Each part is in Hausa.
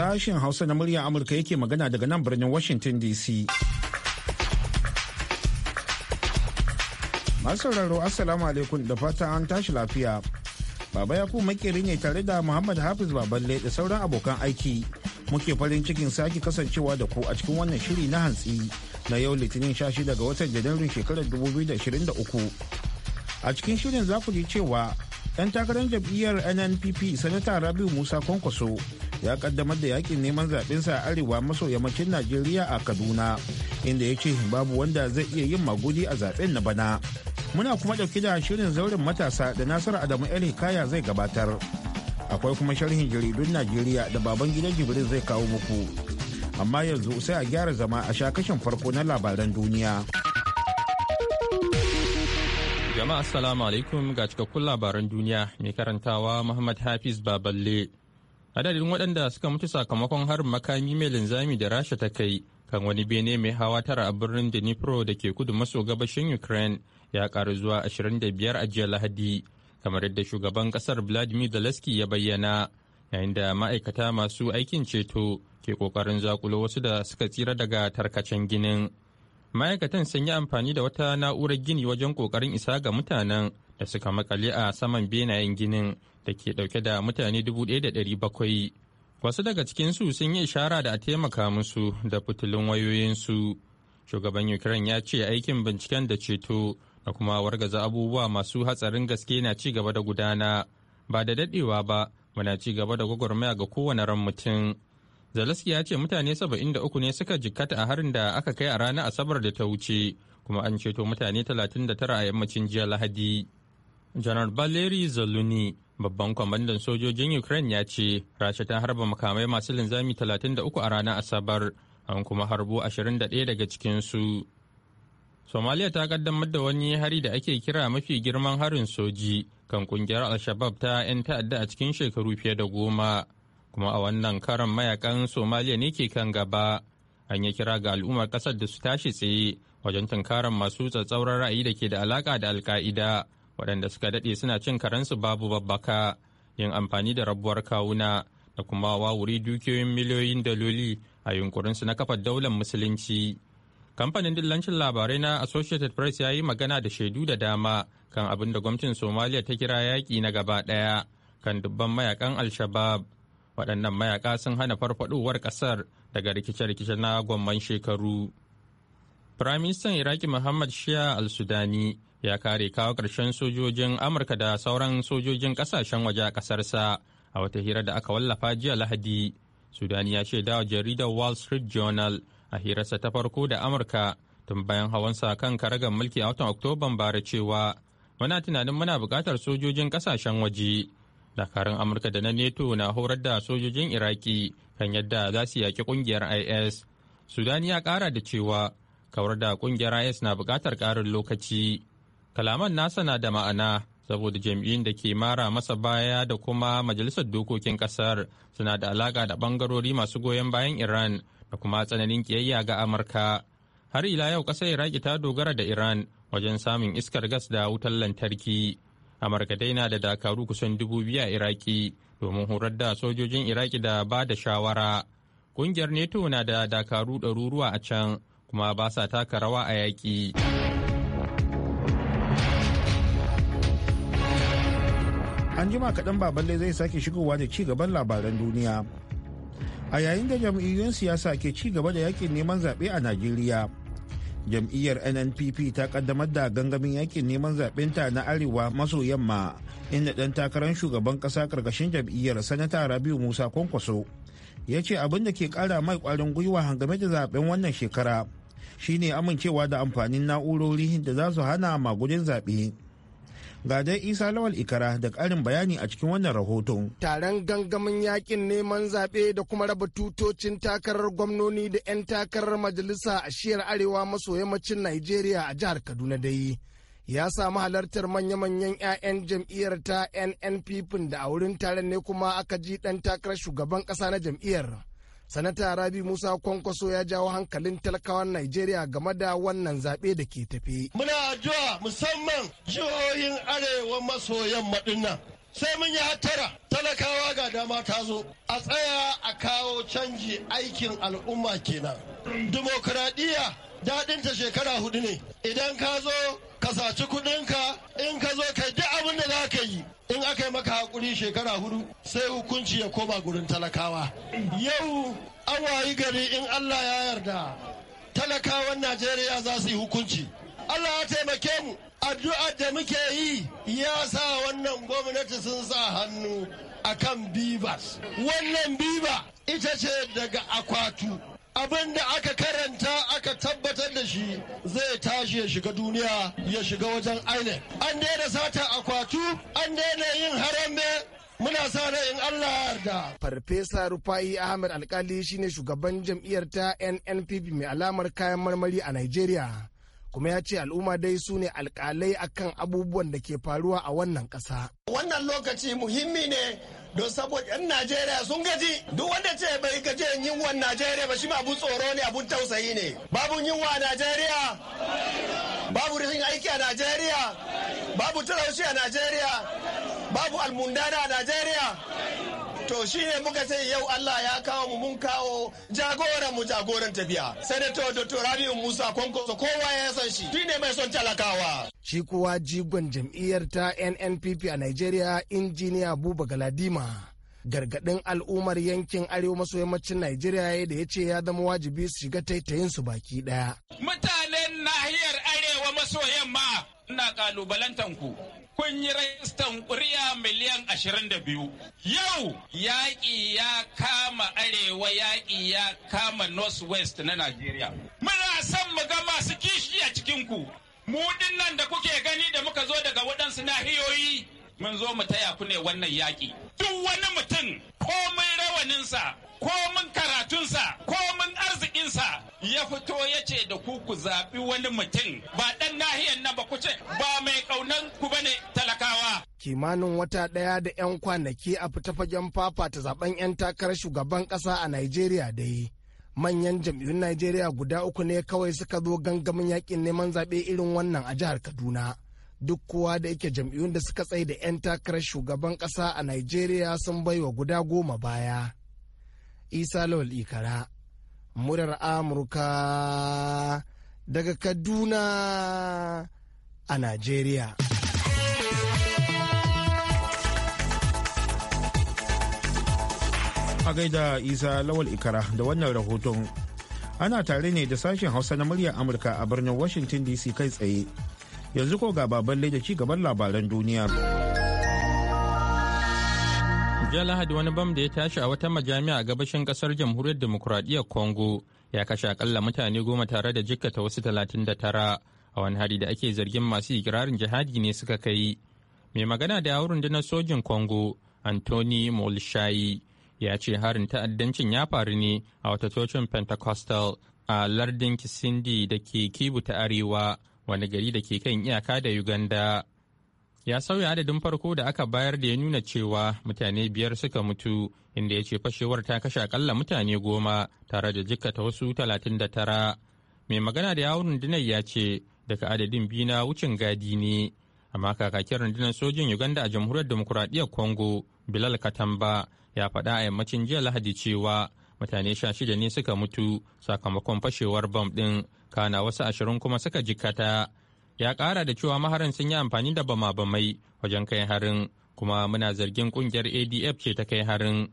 Sashen Hausa na muryar Amurka yake magana daga nan birnin Washington DC. Masu sauraro Assalamu alaikum da fata an tashi lafiya. Baba ya ku makeri ne tare da Muhammad Hafiz Baballe da sauran abokan aiki. Muke farin cikin sake kasancewa da ku a cikin wannan shiri na hantsi na yau Litinin shashi daga watan Janairun shekarar 2023. A cikin shirin za ku ji cewa ɗan takarar jam'iyyar nnpp sanata rabiu musa kwankwaso ya kaddamar da yakin neman zaɓensa a arewa maso yammacin najeriya a kaduna inda ya ce babu wanda zai iya yin magudi a zaɓen na bana muna kuma ɗauki da shirin zauren matasa da nasiru adamu Ali kaya zai gabatar akwai kuma sharhin jaridun najeriya da baban gidan jibrin zai kawo muku amma yanzu sai a gyara zama a shakashin farko na labaran duniya. Jama'a assalamu alaikum ga cikakkun labaran duniya mai karantawa Muhammad Hafiz Baballe. Adadin waɗanda suka mutu sakamakon harin makami mai linzami da Rasha ta kai kan wani bene mai hawa tara a birnin Dnipro da ke kudu maso gabashin Ukraine ya ƙaru zuwa 25 a jiya Lahadi, kamar yadda shugaban ƙasar Vladimir Zelensky ya bayyana, yayin da ma'aikata masu aikin ceto ke ƙoƙarin zakulo wasu da suka tsira daga tarkacen ginin. ma'aikatan sun yi amfani da wata na'urar gini wajen kokarin isa ga mutanen da suka makale a saman benayen ginin da ke dauke da mutane bakwai wasu daga cikinsu sun yi ishara da a taimaka musu da fitilun wayoyinsu shugaban ukraine ya ce aikin binciken da ceto da kuma wargaza abubuwa masu hatsarin gaske na ci gaba da gudana ba da dadewa ba muna ci gaba da gwagwarmaya ga kowane ran mutum Zalaski ya ce mutane 73 ne suka jikkata a harin da aka kai a ranar Asabar da ta wuce, kuma an ceto mutane 39 a yammacin jiya Lahadi. Janar Valeri Zaluni, babban kwamandan sojojin Ukraine ya ce, Rasha ta harba makamai masu linzami 33 a ranar Asabar, an kuma harbo 21 daga cikinsu. Somalia ta kaddamar da wani hari da ake kira mafi girman harin soji kan kungiyar al ta 'yan ta'adda a cikin shekaru fiye da goma. kuma a wannan karan mayakan somaliya ne ke kan gaba an yi kira ga al'ummar kasar da su tashi tsaye wajen tunkarar masu tsatsauran ra'ayi da ke da alaka da alka'ida waɗanda suka daɗe suna cin karensu babu babbaka yin amfani da rabuwar kawuna da kuma wawuri dukiyoyin miliyoyin daloli a yunkurinsu na kafa daular musulunci kamfanin dillancin labarai na associated press ya yi magana da shaidu da dama kan abin da gwamnatin somaliya ta kira yaƙi na gaba ɗaya kan dubban mayakan al-shabab waɗannan mayaka sun hana farfaɗowar ƙasar daga rikice-rikice na gwamman shekaru firaministan iraki muhammad shia al-sudani ya kare kawo ƙarshen sojojin amurka da sauran sojojin ƙasashen waje a ƙasarsa a wata hira da aka wallafa jiya lahadi sudani ya shaida wa jaridar wall street journal a hirarsa ta farko da amurka tun bayan hawansa kan karagar mulki a watan oktoban bara cewa muna tunanin muna buƙatar sojojin ƙasashen waje dakarun amurka da na neto na horar da sojojin iraki kan yadda za su yaki ƙungiyar is sudan ya ƙara da cewa kawar da ƙungiyar is na buƙatar ƙarin lokaci kalaman nasa na da ma'ana saboda jam'iyyun da ke mara masa baya da kuma majalisar dokokin ƙasar suna da alaƙa da ɓangarori masu goyon bayan iran da kuma tsananin ƙiyayya ga amurka har ila yau ƙasar iraki ta dogara da iran wajen samun iskar gas da wutar lantarki amurka dai na da dakaru kusan dubu biyu a iraki domin horar da sojojin iraki da ba da shawara kungiyar neto na da dakaru ɗaruruwa a can kuma ba sa taka rawa a yaƙi an jima kaɗan baballe zai sake shigowa da ci gaban labaran duniya a yayin da jam'iyyun siyasa ke ci gaba da yakin neman zaɓe a najeriya jam'iyyar nnpp ta kaddamar da gangamin yakin neman ta na arewa maso yamma inda ɗan takarar shugaban ƙasa karkashin jam'iyyar sanata rabiu musa kwankwaso ya ce abin da ke ƙara mai ƙwarin gwiwa game da zaɓen wannan shekara shine amincewa da amfanin na'urori da za su hana magudin zaɓe ga dai isa lawal ikara da karin bayani a cikin wannan rahoto taron gangamin yakin neman zaɓe da kuma raba tutocin takarar gwamnoni da 'yan takarar majalisa a shiyar arewa maso yammacin nigeria a jihar kaduna dai ya samu halartar manya-manyan 'ya'yan jam'iyyar ta nnpp da a wurin taron ne kuma aka ji ɗan takarar shugaban ƙasa na jam'iyyar sanata rabi musa kwankwaso ya jawo hankalin talakawan najeriya game da wannan zaɓe da ke tafi muna addu'a musamman jihohin arewa maso yamma dinnan sai mun yi hattara talakawa ga dama ta zo a tsaya a kawo canji aikin al'umma kenan dimokuraɗiyya daɗinta shekara hudu ne idan ka zo ka saci kuɗinka in ka zo ka duk abin da za ka yi in aka yi maka haƙuri shekara hudu sai hukunci ya koma gurin talakawa yau an wayi gari in allah ya yarda talakawan najeriya za su yi hukunci allah ya taimake mu addu'a da muke yi ya sa wannan gwamnati sun sa hannu akan bibas wannan biba ita ce daga akwatu abin da aka karanta aka tabbatar da shi zai tashi ya shiga duniya ya shiga wajen inec an daina sata akwatu an daina yin harame muna sa ran in Allah yarda. Farfesa Rufai Ahmed Alkali shine shugaban jam'iyyar ta NNPP mai alamar kayan marmari a Nigeria. kuma ya ce al'umma dai su ne alkalai akan abubuwan da ke faruwa a wannan ƙasa. Wannan lokaci muhimmi ne don saboda yan najeriya sun gaji duk wanda ce bai gaji yunwa najeriya ba shi ma abun tsoro ne abun tausayi ne babu yinwa a najeriya babu rashin aiki a najeriya babu talauci a najeriya babu almundana a najeriya to shi ne muka ce yau Allah ya kawo mu mun kawo jagoran mu jagoran tafiya sanato dr rabiu musa kwankwaso kowa ya san shi shi ne mai son talakawa shi kuwa jigon jam'iyyar ta nnpp a nigeria injiniya buba galadima gargadin al'ummar yankin arewa maso yammacin nigeria da ya ce ya zama wajibi su shiga taitayin su baki daya. mutanen nahiyar arewa maso yamma ina kalubalantan ku kun yi rajistan kuriya miliyan 22 yau yaƙi ya kama arewa yaƙi ya kama northwest na najeriya muna son mu ga masu kishi a cikinku mu nan da kuke gani da muka zo daga waɗansu nahiyoyi mun zo mu taya ku ne wannan yaƙi duk wani mutum komai rawaninsa komin karatunsa komin arzikinsa ya fito ya ce da ku ku zaɓi wani mutum ba ɗan nahiyar na ba ku ce ba mai ƙaunan ku ba ne talakawa. kimanin wata ɗaya da 'yan kwanaki a fita fagen fafa ta zaben 'yan takarar shugaban ƙasa a nigeria dai manyan jam'iyyun najeriya guda uku ne kawai suka zo gangamin yakin neman zaɓe irin wannan a jihar kaduna duk kowa da yake jam'iyyun da suka tsaye da 'yan takarar shugaban ƙasa a najeriya sun baiwa guda goma baya isa lawal ikara murar amurka daga kaduna a najeriya a gaida Isa Lawal Ikara da wannan rahoton. Ana tare ne da sashen Hausa na muryar Amurka a birnin Washington DC kai tsaye. Yanzu ko ga baban da ci gaban labaran duniya. Jiya Lahadi wani bam da ya tashi a wata majami'a a gabashin kasar jamhuriyar demokuraɗiyyar Congo ya kashe akalla mutane goma tare da jikkata wasu talatin da tara a wani hari da ake zargin masu ikirarin jihadi ne suka kai. Mai magana da yawon rundunar sojin Congo Anthony Molshayi ya ce harin ta'addancin ya faru ne a wata cocin pentecostal a lardin kisindi da ke kibu ta arewa wani gari da ke kan iyaka da uganda ya sauya adadin farko da aka bayar da ya nuna cewa mutane biyar suka mutu inda ya ce fashewar ta kashe akalla mutane goma tare da jikkata wasu talatin da tara mai magana da yawon rundunar ya ce daga adadin biyu na wucin gadi ne amma kakakin rundunar sojin uganda a jamhuriyar demokuraɗiyyar congo bilal katamba ya faɗa a yammacin jiya lahadi cewa mutane sha shida ne suka mutu sakamakon fashewar bam ɗin kana wasu ashirin kuma suka jikata ya ƙara da cewa maharan sun yi amfani da bama-bamai wajen kai harin kuma muna zargin ƙungiyar adf ce ta kai harin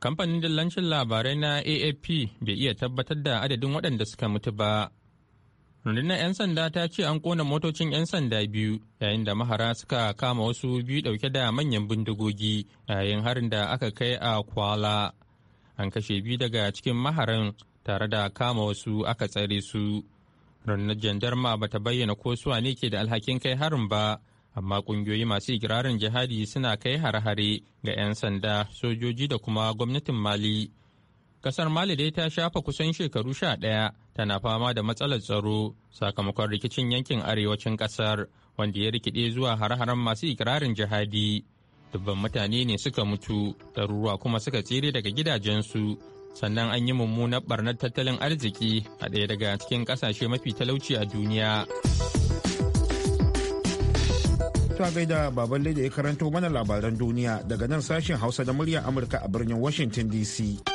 kamfanin dillancin labarai na afp bai iya tabbatar da adadin waɗanda suka mutu ba rundunar 'yan sanda ta ce an kona motocin 'yan sanda biyu yayin da mahara suka kama wasu biyu dauke da manyan bindigogi yayin harin da aka kai a kwala an kashe biyu daga cikin maharan tare da kama wasu aka tsare su rundunar jandarma ba ta bayyana ko suwa ne ke da alhakin kai harin ba amma kungiyoyi masu igirarin jihadi suna kai hare-hare ga 'yan sanda sojoji da kuma gwamnatin mali Kasar Mali dai ta shafa kusan shekaru sha ɗaya tana fama da matsalar tsaro sakamakon rikicin yankin arewacin kasar wanda ya rikide zuwa har-haren masu ikirarin jihadi. Dubban mutane ne suka mutu, ɗaruruwa kuma suka tsere daga gidajensu sannan an yi mummunar barnar tattalin arziki a ɗaya daga cikin ƙasashe mafi talauci a duniya. Ta gaida baban da ya karanto mana labaran duniya daga nan sashen Hausa da murya Amurka a birnin Washington DC.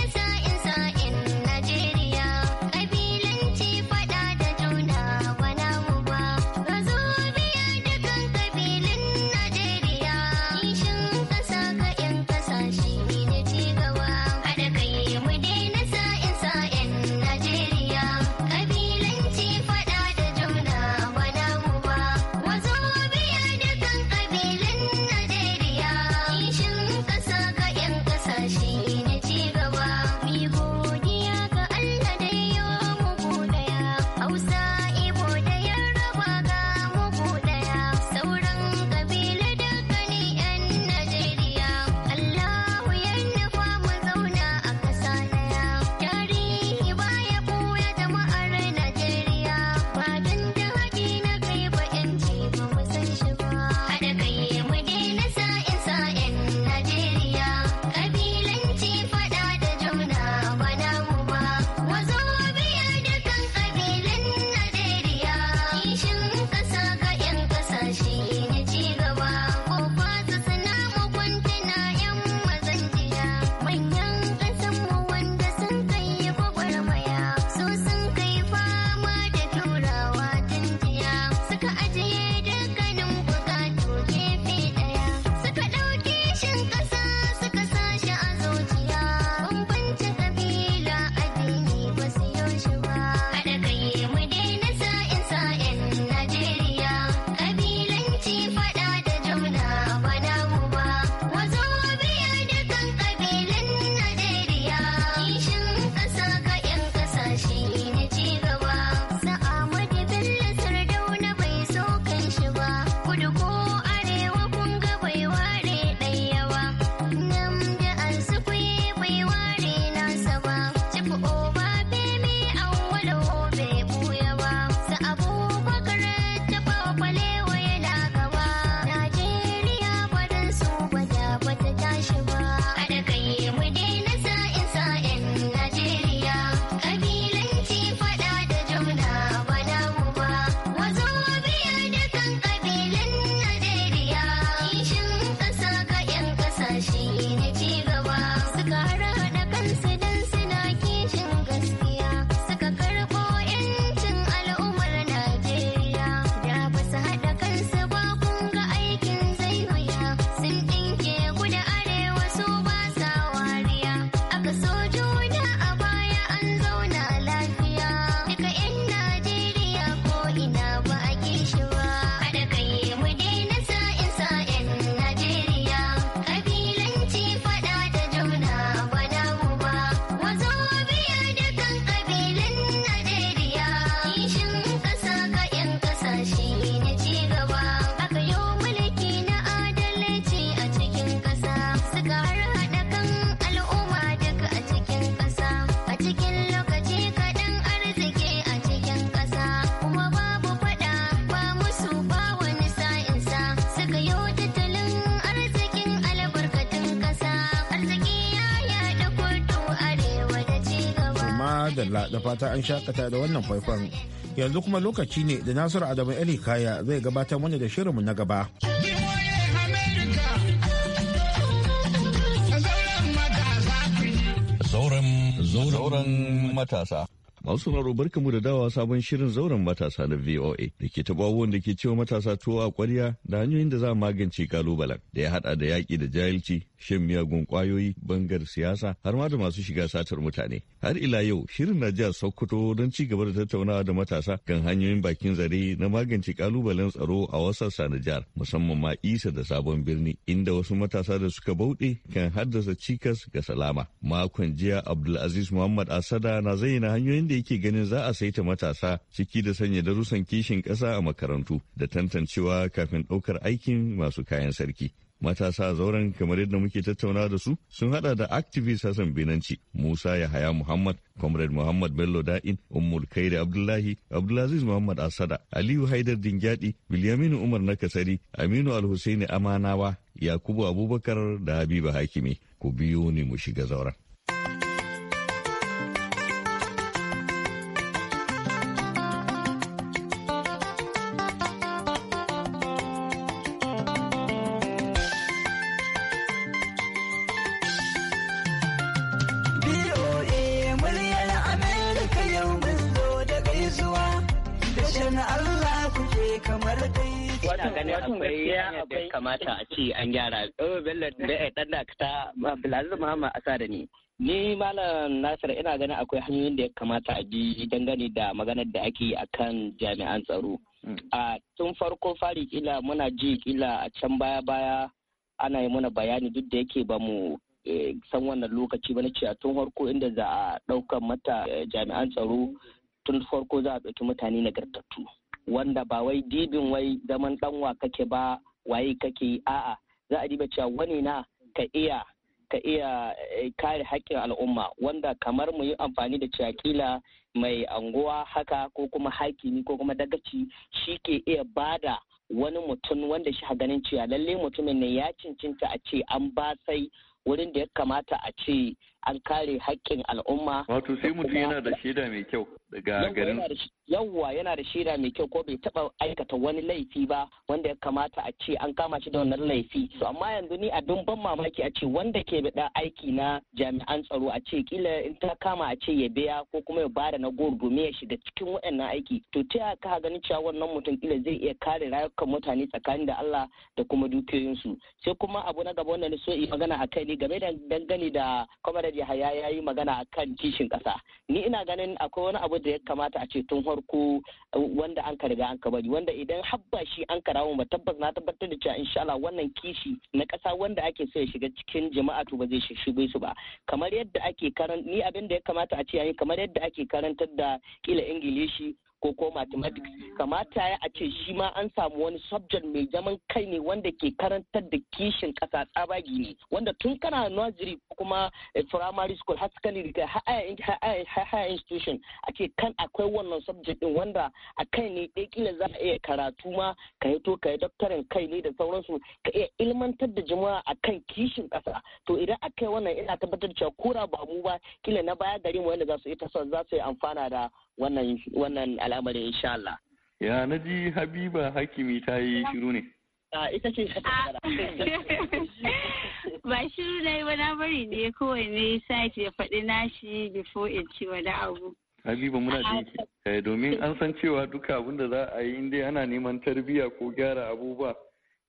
madalla da fata an shakata da wannan faifan yanzu kuma lokaci ne da nasiru adamu eli kaya zai gabatar mana da shirinmu na gaba zauren matasa masu sauraro barkamu da dawa sabon shirin zauren matasa na VOA da ke taɓa da ke cewa matasa tuwo a kwarya da hanyoyin da za a magance kalubalen da ya haɗa da yaƙi da jahilci, shan miyagun kwayoyi bangar siyasa har ma da masu shiga satar mutane. har ila yau shirin na jihar sokoto don ci gaba da tattaunawa da matasa kan hanyoyin bakin zare na magance kalubalen tsaro a wasassa na jihar musamman ma isa da sabon birni inda wasu matasa da suka bauɗe kan haddasa cikas ga salama makon jiya abdulaziz muhammad asada na zayyana hanyoyin da yake ganin za a saita matasa ciki da sanya darussan kishin ƙasa a makarantu da tantancewa kafin ɗaukar aikin masu kayan sarki matasa zauren kamar yadda muke tattauna da su sun hada da activist Hassan Binanci, Musa Yahaya Muhammad, Comrade Muhammad Bello Da'in, Ummul Kairi Abdullahi, Abdulaziz Muhammad Asada, Aliyu Haidar Dingyadi, Bilyaminu Umar Nakasari, Aminu Alhussaini Amanawa, Yakubu Abubakar da Habiba Hakimi. Ku biyo ne mu shiga zauren. dan dakata Abdulaziz Muhammad Asa ne. Ni Ni Malam Nasir ina ganin akwai hanyoyin da ya kamata a bi dangane da maganar da ake yi akan jami'an tsaro. Hmm. A tun farko fari kila muna ji kila a can baya-baya ana yi mana bayani duk da yake ba mu eh, san wannan lokaci ba na ce tun farko inda za a ɗaukar mata eh, jami'an tsaro tun farko za a ɗauki mutane nagartattu. Wanda ba wai dibin wai zaman ɗanwa kake ba waye kake a'a za a diba cewa wani na ka iya ta iya eh, kare haƙƙin al'umma wanda kamar mu yi amfani da cakila mai anguwa haka ko kuma hakimi ko kuma dagaci shi ke iya bada wani mutum wanda shi ganin cewa lalle mutumin ne ya cincinta a ce an ba sai wurin da ya kamata a ce an kare haƙƙin al'umma. Wato sai mutum yana da shaida mai kyau. daga garin yawwa yana da shaida mai kyau ko bai taba aikata wani laifi ba wanda ya kamata a ce an kama shi da wannan laifi to amma yanzu ni abin ban mamaki a ce wanda ke da aiki na jami'an tsaro a ce kila in ta kama a ce ya biya ko kuma ya bada na gurgume domin ya shiga cikin waɗannan aiki to ta ka gani cewa wannan mutum kila zai iya kare rayukan mutane tsakanin da Allah da kuma dukiyoyinsu sai kuma abu na gaba wanda so yi magana akai kai ne game da dangane da kwamar Yahaya ya yi magana akan kishin kasa ni ina ganin akwai wani abu wanda ya kamata a ce tun farko uh, wanda an riga an ka bari wanda idan habba shi an ka ma tabbas na tabbatar da cewa insha Allah wannan kishi na kasa wanda ake so ya shiga cikin jama'a to ba zai shigo su ba kamar yadda ake karan ni abin da ya kamata a ce yayi kamar yadda ake karantar da kila ingilishi ko ko mathematics kamata ya a ce shi ma an samu wani subject mai zaman kai ne wanda ke karantar da kishin kasa tsabagi ne wanda tun kana nursery kuma eh, primary school har secondary kai higher institution ake kan akwai wannan subject din wanda a kai ne ɗaya kila za a iya karatu ma ka hito ka yi doctorin kai ne da sauransu ka iya ilmantar da jama'a akan kishin kasa to idan aka wannan ina tabbatar cewa kura ba mu ba kila na baya gari mu wanda za su yi za su yi amfana da wannan al'amarin insha Allah ya na ji Habiba Hakimi ta yi shiru ne ita ce ba shiru na yi wani amari ne ne site ya faɗi nashi before in ci wani abu Habiba muna jinki eh, domin an san cewa duka abin da za a yi inda ana neman tarbiyya ko gyara abubuwa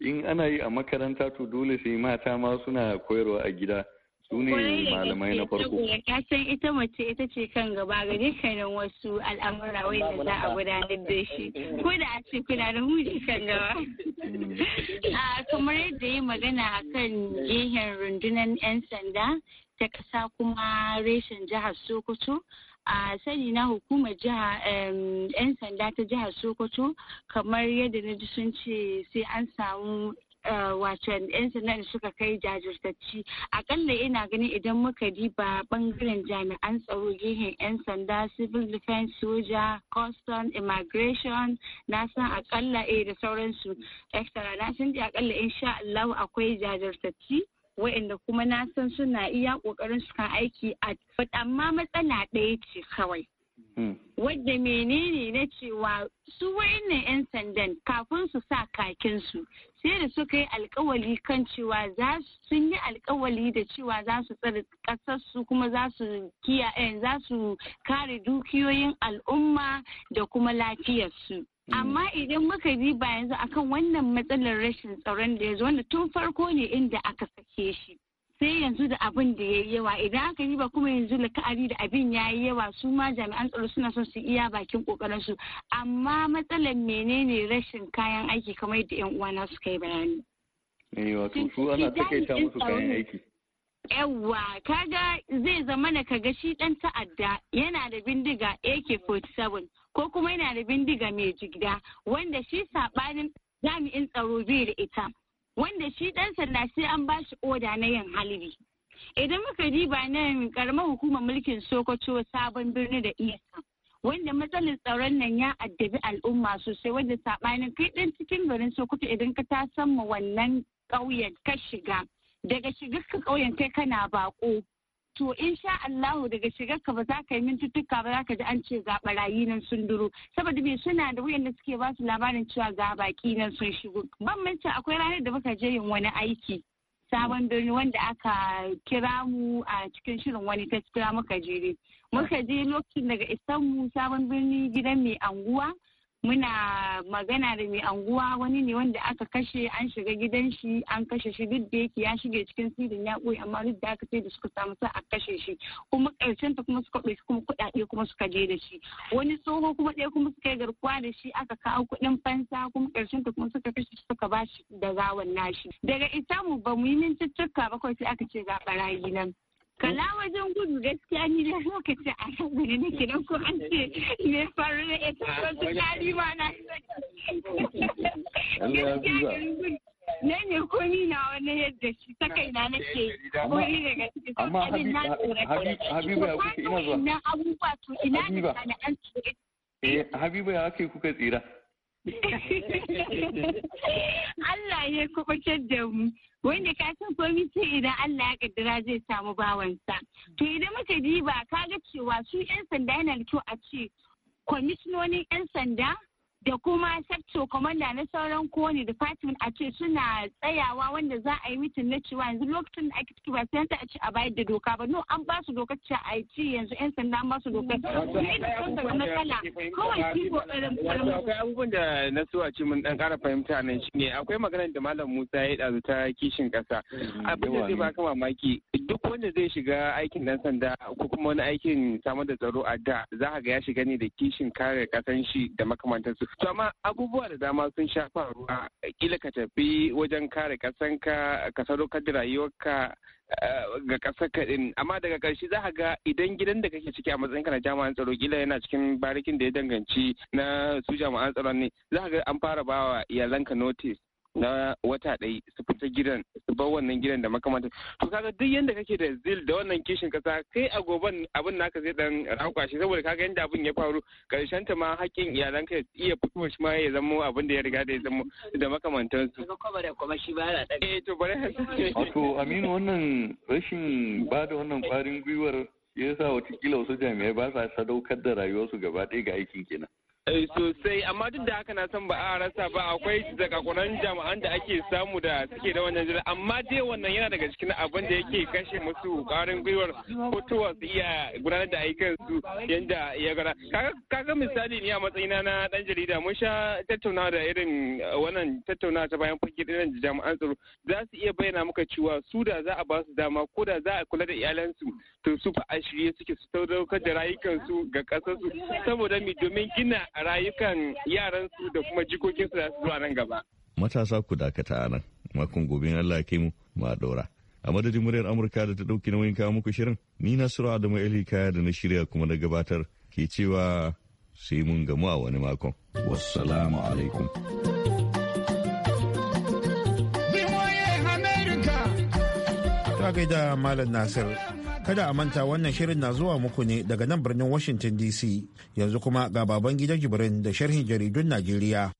in ana yi a makaranta to dole sai mata ma suna koyarwa a gida su ne malamai na farko ya san ita mace ita ce kan gaba ga dukkanin wasu al'amura wanda za a gudanar da shi ko da a ce kuna da hujji kan gaba ah, kamar yadda yi magana a kan gehen rundunar 'yan sanda ta kasa kuma reshen jihar sokoto a ah, sani na hukumar jiha yan sanda ta jihar sokoto kamar yadda na ji sun ce sai an samu wacan 'yan sanda da suka kai jajirtacci akalla ina ganin idan muka diba bangaren jami'an tsaro gehen 'yan sanda civil defense soja custom immigration na san akalla eh da sauransu extra na san akalla sha Allah akwai jajirtacci wa'inda kuma na san suna iya kokarin su kan aiki a amma matsala ɗaya ce kawai Hmm. wadda menene na cewa su wayannan 'yan sandan kafin su sa kakinsu sai da suka yi alkawali kan cewa za sun yi alkawali da cewa za su tsare kasarsu kuma za su eh, za su kare dukiyoyin al'umma da kuma lafiyarsu hmm. amma idan muka bi ba yanzu akan wannan matsalar rashin tsaron da ya zo wanda tun farko ne inda aka sake shi sai yanzu da abin da ya yi yawa idan aka yi ba kuma yanzu la'akari da abin ya yi yawa su ma jami'an tsaro suna son su iya bakin kokarin su amma matsalar menene rashin kayan aiki kamar yadda yan uwana suka yi bayani. Eh, yawwa kaga zai zama na kaga shi dan ta'adda yana da bindiga AK47 ko kuma yana da bindiga mai jigida wanda shi sabanin jami'in tsaro bai da ita wanda shi ɗan sanda sai an ba shi oda na yin halibi Idan muka diba nan karamar hukumar mulkin Sokoto sabon birni da Isa. Wanda matsalar tsaron nan ya addabi al'umma sosai wanda saɓanin kai ɗan cikin garin Sokoto idan ka ta ma wannan ƙauyen ka shiga. Daga shiga ka ƙauyen kai kana baƙo to sha Allahu daga shigar ka ba za ka yi mintuttuka ba za ka ji an ce ga barayi nan sun duro saboda me suna da wayanda suke ba su labarin cewa ga baki nan sun shigo ban mance akwai ranar da muka je yin wani aiki sabon birni wanda aka kira mu a cikin shirin wani ta muka je muka je lokacin daga mu sabon birni gidan mai anguwa muna magana da mai anguwa wani ne wanda aka kashe an shiga gidan shi an kashe shi duk da yake ya shige cikin sirin ya koyi amma duk da aka sai da suka samu sa a kashe shi kuma karshen ta kuma suka ɗauki kuma kuɗaɗe kuma suka je da shi wani tsoho kuma ɗaya kuma suka yi garkuwa da shi aka kawo kuɗin fansa kuma karshen ta kuma suka kashe shi suka bashi da gawan nashi daga isamu ba mu yi mintuttuka ba kawai sai aka ce ga barayi nan kala wajen gudu gaskiya ni da lokacin a kan da na kiran ko an ce me faru da ita su kari ma na ne ne komi na wani yadda shi ta kai na nake koyi daga cikin amma eh, habiba ya kuke ina zuwa abubuwa to ina da sana'an habiba ya kuka tsira Allah ya kuma da mu wanda ka san komi ce idan Allah ya kaddara zai samu bawansa. To idan muka diba ka ga cewa su 'yan sanda yana da kyau a ce kwamishinonin 'yan sanda da kuma sector commander na sauran kone department a ce suna tsayawa wanda za a yi mitin na cewa yanzu lokacin da ake cikin wasu yanta a ce a bayar da doka ba no an ba su doka ce a ci yanzu yan sanda an ba su doka ne da sun daga matsala kawai ki kokarin akwai abubuwan da na ce mun dan kara fahimta nan shine akwai maganar da malam Musa ya yi ɗazu ta kishin kasa mm, abin da zai baka mamaki duk wanda zai shiga aikin dan sanda ko kuma wani aikin samar da tsaro a da za ka ga ya shiga ne da kishin kare kasan shi da makamantansu To amma abubuwa da dama sun sha faruwa kila ka tafi wajen kare kasanka ka sadaukar da rayuwarka eh, ga ƙasar din amma daga ƙarshe za ka ga idan gidan da kake ciki a matsayinka na jami'an tsaro kila yana cikin barikin da ya danganci na su jami'an tsaron ne za ka ga an fara bawa iyalanka notice na wata ɗai su fita gidan su bar wannan gidan da makamanta to kaga duk yanda kake da zil da wannan kishin kasa kai a goban abin naka zai dan rauka shi saboda kaga yanda abin ya faru karshen ta ma haƙƙin iyalan ka iya fitowa shi ma ya zama abin da ya riga da ya zama da makamantan su kuma shi ba na eh to bare wato Aminu wannan rashin ba da wannan kwarin gwiwar yasa kila wasu jami'ai ba sa sadaukar da rayuwarsu gaba ɗaya ga aikin kenan Eh, sosai amma duk da haka na san ba a rasa ba akwai zakakunan jama'an da ake samu da suke da wannan jira amma dai wannan yana daga cikin abin da yake kashe musu karin gwiwar fitowa su iya gudanar da aikin su yanda ya gara kaga misali ne a matsayina na dan jarida mun sha tattaunawa da irin wannan tattaunawa ta bayan fage irin jami'an tsaro za su iya bayyana maka cewa su da za a ba su dama ko da za a kula da iyalansu to su fa a shirye suke su da rayukansu ga kasarsu saboda mi domin gina A rayukan yaransu da kuma jikokinsu da su zuwa nan gaba. Matasa ku dakata a nan, makon gobe in Allah kai mu ma daura. A madadin muryar Amurka da ta ɗauki nauyin kawo muku shirin, ni na Sura Adamu Eli Kaya da na shirya kuma na gabatar ke cewa sai mun gamu a wani makon. Wassalamu alaikum. Ta gaida Malam Nasir Kada a manta wannan shirin na zuwa muku ne daga nan birnin Washington DC yanzu kuma ga baban gidan jibrin da sharhin jaridun Najeriya.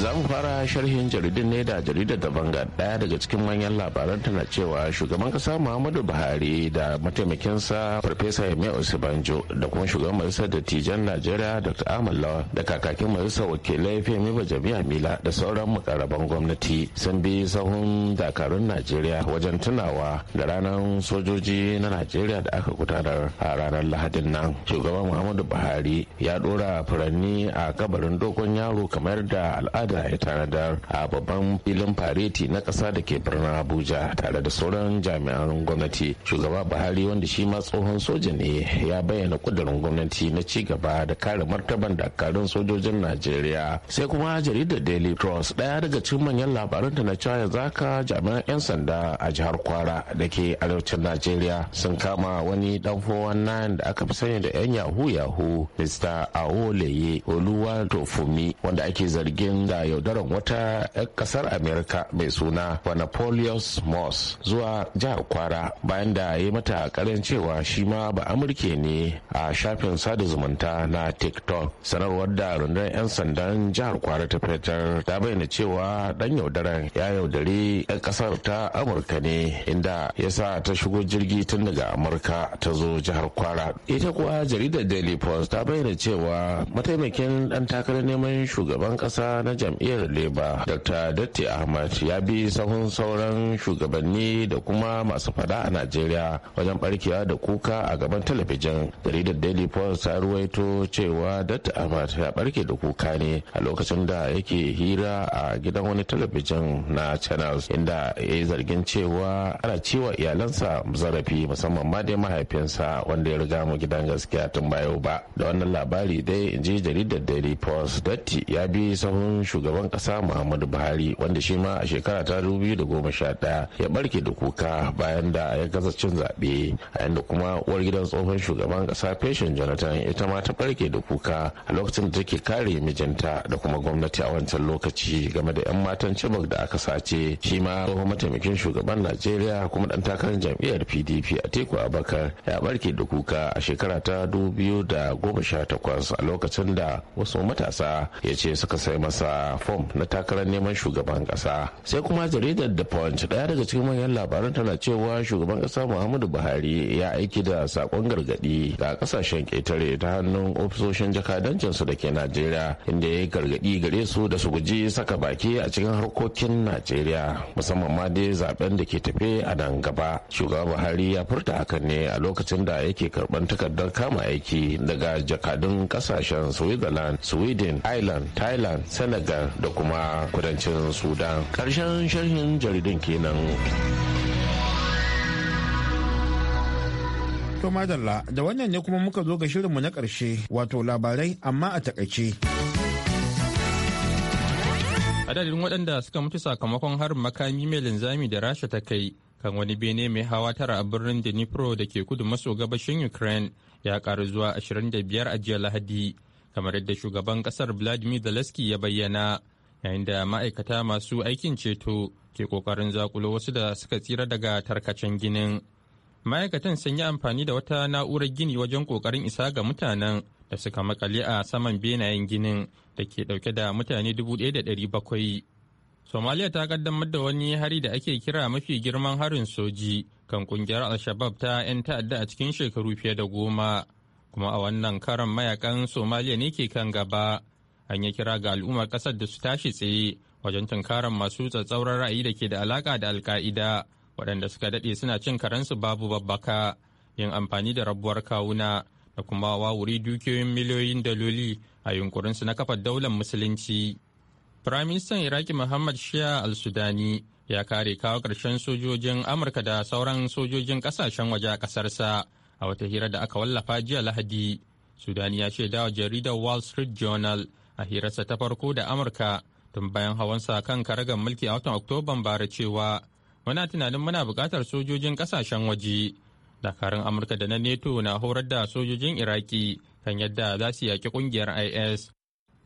za mu fara sharhin jaridun ne da jaridar da banga daya daga cikin manyan labaran tana cewa shugaban kasa muhammadu buhari da mataimakinsa farfesa yame osibanjo da kuma shugaban majalisar dattijan najeriya dr ahmad da kakakin majalisar wakilai femi jami'a mila da sauran makaraban gwamnati sun bi sahun dakarun najeriya wajen tunawa da ranar sojoji na najeriya da aka gudanar a ranar lahadin nan shugaban muhammadu buhari ya dora furanni a kabarin dogon yaro kamar da al'ada da ya tanadar a babban filin fareti na ƙasa da ke birnin abuja tare da sauran jami'an gwamnati shugaba buhari wanda shi ma tsohon soja ne ya bayyana kudurin gwamnati na ci gaba da kare martaban dakarun sojojin najeriya sai kuma jaridar daily cross ɗaya daga cikin manyan ta na cewa zaka jami'an 'yan sanda a jihar kwara da ke arewacin najeriya sun kama wani dan fowan nan da aka fi sani da 'yan yahoo yahoo mr aoleye oluwa tofumi wanda ake zargin da yaudarar wata 'yan kasar amerika mai suna panapolius moss zuwa jihar kwara bayan da ya yi mata karin cewa shi ma ba amurke ne a shafin sada zumunta na tiktok sanarwar da rundunar 'yan sandan jihar kwara ta fitar ta bayyana cewa dan yaudaran ya yaudari 'yan kasar ta amurka ne inda ya sa ta shigo jirgi tun daga amurka ta zo jihar kwara ita kuwa jaridar daily post ta bayyana cewa mataimakin dan takarar neman shugaban kasa na jihar jam'iyyar leba dr datti ahmad ya bi sahun sauran shugabanni da kuma masu fada a najeriya wajen barkewa da kuka a gaban talabijin jaridar daily post ta ruwaito cewa datti ahmad ya barke da kuka ne a lokacin da yake hira a gidan wani talabijin na channels inda ya yi zargin cewa ana ciwa iyalansa zarafi musamman ma dai mahaifinsa wanda ya riga mu gidan gaskiya tun bayo ba da wannan labari dai in ji jaridar daily post datti ya bi sahun shugabanni shugaban kasa muhammadu buhari wanda shi ma a shekara ta ɗaya ya barke da kuka bayan da ya gaza cin zaɓe a yadda kuma uwar gidan tsohon shugaban kasa feshin jonathan ita ma ta barke da kuka a lokacin da take kare mijinta da kuma gwamnati a wancan lokaci game da 'yan matan cibok da aka sace shi ma tsohon mataimakin shugaban najeriya kuma dan takarar jam'iyyar pdp a teku abakar ya barke da kuka a shekara ta dubu biyu da goma sha takwas a lokacin da wasu matasa ya ce suka sai masa fom na takarar neman shugaban kasa sai kuma jaridar da punch daya daga cikin manyan labaran tana cewa shugaban kasa muhammadu buhari ya aiki da sakon gargadi ga kasashen ketare ta hannun ofisoshin jakadancin da ke najeriya inda ya yi gargadi gare su da su guji saka baki a cikin harkokin najeriya musamman ma dai zaben da ke tafe a nan gaba shugaban buhari ya furta hakan ne a lokacin da yake karban takardar kama aiki daga jakadun kasashen switzerland sweden ireland thailand senegal da kuma kudancin sudan karshen sharhin jaridun kenan To madalla da wannan ne kuma muka zo ga shirinmu na ƙarshe wato labarai amma a takaice. Adadin waɗanda suka mutu sakamakon harin makami mai linzami da Rasha ta kai kan wani bene mai hawa tara a birnin Dnipro da ke kudu maso gabashin Ukraine ya ƙaru zuwa 25 a jiya Lahadi kamar yadda shugaban kasar vladimir zelensky ya bayyana yayin da ma'aikata masu aikin ceto ke kokarin zakulo wasu da suka tsira daga tarkacen ginin ma'aikatan sun yi amfani da wata na'urar gini wajen kokarin isa ga mutanen da suka makale a saman benayen ginin da ke dauke da mutane 1,700 somaliya ta kaddamar da wani hari da ake kira mafi girman harin soji kan kungiyar al-shabab ta 'yan ta'adda a cikin shekaru fiye da goma kuma a wannan karan mayakan somaliya ne ke kan gaba an yi kira ga al'ummar kasar da su tashi tsaye wajen tunkaran masu tsatsauran ra'ayi da ke da alaka da alka'ida waɗanda suka daɗe suna cin karensu babu babbaka yin amfani da rabuwar kawuna da kuma wawuri dukiyoyin miliyoyin daloli a yunkurinsu na kafa daular musulunci firaministan iraki muhammad shia al-sudani ya kare kawo ƙarshen sojojin amurka da sauran sojojin ƙasashen waje a ƙasarsa a wata hira da aka wallafa jiya lahadi sudani ya shaidawa jaridar wall street journal a hirarsa ta farko da amurka tun bayan hawan hawansa kan karagar mulki a watan oktoban bara cewa muna tunanin muna bukatar sojojin ƙasashen waje dakarun amurka da na neto na horar da sojojin iraki kan yadda za su yaƙi ƙungiyar is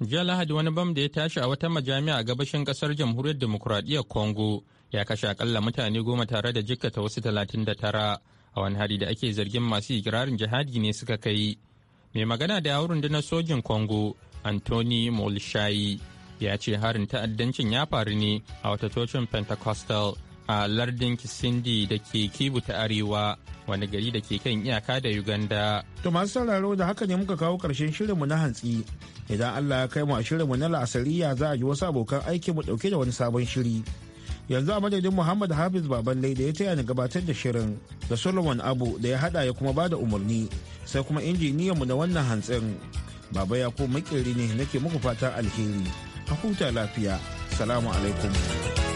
jiya lahadi wani bam da ya tashi a wata majami'a a gabashin ƙasar jamhuriyar demokuraɗiyyar congo ya kashe akalla mutane goma tare da jikkata wasu talatin da tara a wani hari da ake zargin masu ikirarin jihadi ne suka kai mai magana da yawon na sojin congo anthony molshayi ya ce harin ta'addancin ya faru ne a wata tocin pentecostal a lardin kisindi da ke kibu ta arewa wani gari da ke kan iyaka da uganda to masu sauraro da haka ne muka kawo karshen shirinmu na hantsi idan allah ya kai mu a shirinmu na la'asariya za a ji wasu abokan aikinmu dauke da wani sabon shiri yanzu a madadin muhammad hafiz baballe da ya taya ni gabatar da shirin da solomon abu da ya hada ya kuma ba da umarni sai kuma injiniyan mu na wannan hantsin baba ya ko makirri ne nake muku fatan alheri a huta lafiya salamu alaikum